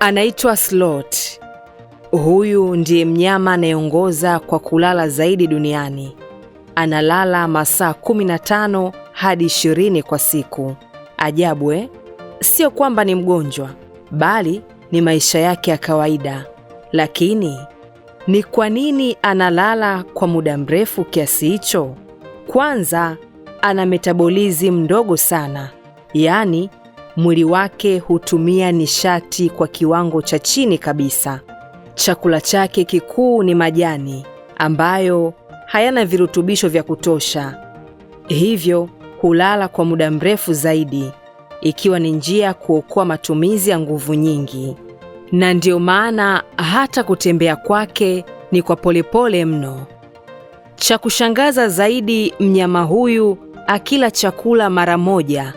Anaitwa Sloth. Huyu ndiye mnyama anayeongoza kwa kulala zaidi duniani. Analala masaa 15 hadi 20 kwa siku. Ajabu eh? Sio kwamba ni mgonjwa, bali ni maisha yake ya kawaida. Lakini ni kwa nini analala kwa muda mrefu kiasi hicho? Kwanza, ana metabolizi mdogo sana, yaani mwili wake hutumia nishati kwa kiwango cha chini kabisa. Chakula chake kikuu ni majani ambayo hayana virutubisho vya kutosha, hivyo hulala kwa muda mrefu zaidi, ikiwa ni njia ya kuokoa matumizi ya nguvu nyingi. Na ndiyo maana hata kutembea kwake ni kwa polepole mno. Cha kushangaza zaidi, mnyama huyu akila chakula mara moja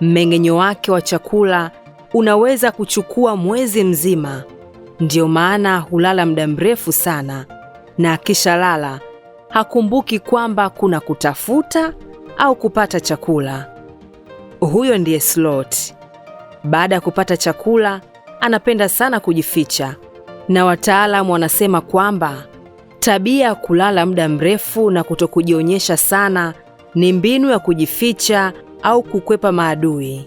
Mmeng'enyo wake wa chakula unaweza kuchukua mwezi mzima, ndiyo maana hulala muda mrefu sana, na akishalala hakumbuki kwamba kuna kutafuta au kupata chakula. Huyo ndiye Sloth. Baada ya kupata chakula, anapenda sana kujificha, na wataalamu wanasema kwamba tabia ya kulala muda mrefu na kutokujionyesha sana ni mbinu ya kujificha au kukwepa maadui,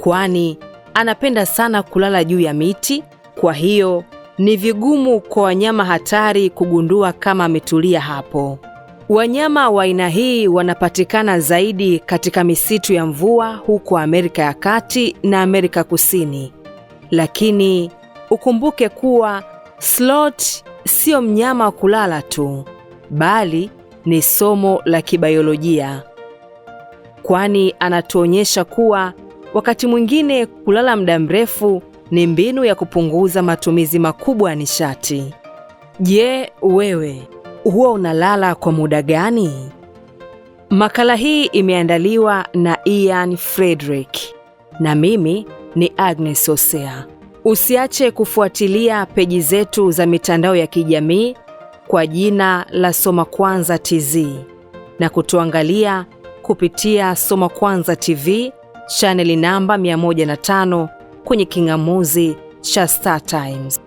kwani anapenda sana kulala juu ya miti. Kwa hiyo ni vigumu kwa wanyama hatari kugundua kama ametulia hapo. Wanyama wa aina hii wanapatikana zaidi katika misitu ya mvua huko Amerika ya Kati na Amerika Kusini, lakini ukumbuke kuwa sloth sio mnyama wa kulala tu, bali ni somo la kibayolojia kwani anatuonyesha kuwa wakati mwingine kulala muda mrefu ni mbinu ya kupunguza matumizi makubwa ya nishati. Je, wewe huwa unalala kwa muda gani? Makala hii imeandaliwa na Ian Frederick na mimi ni Agnes Osea. Usiache kufuatilia peji zetu za mitandao ya kijamii kwa jina la Soma Kwanza TZ na kutuangalia kupitia Soma Kwanza TV chaneli namba 105 kwenye king'amuzi cha Star Times.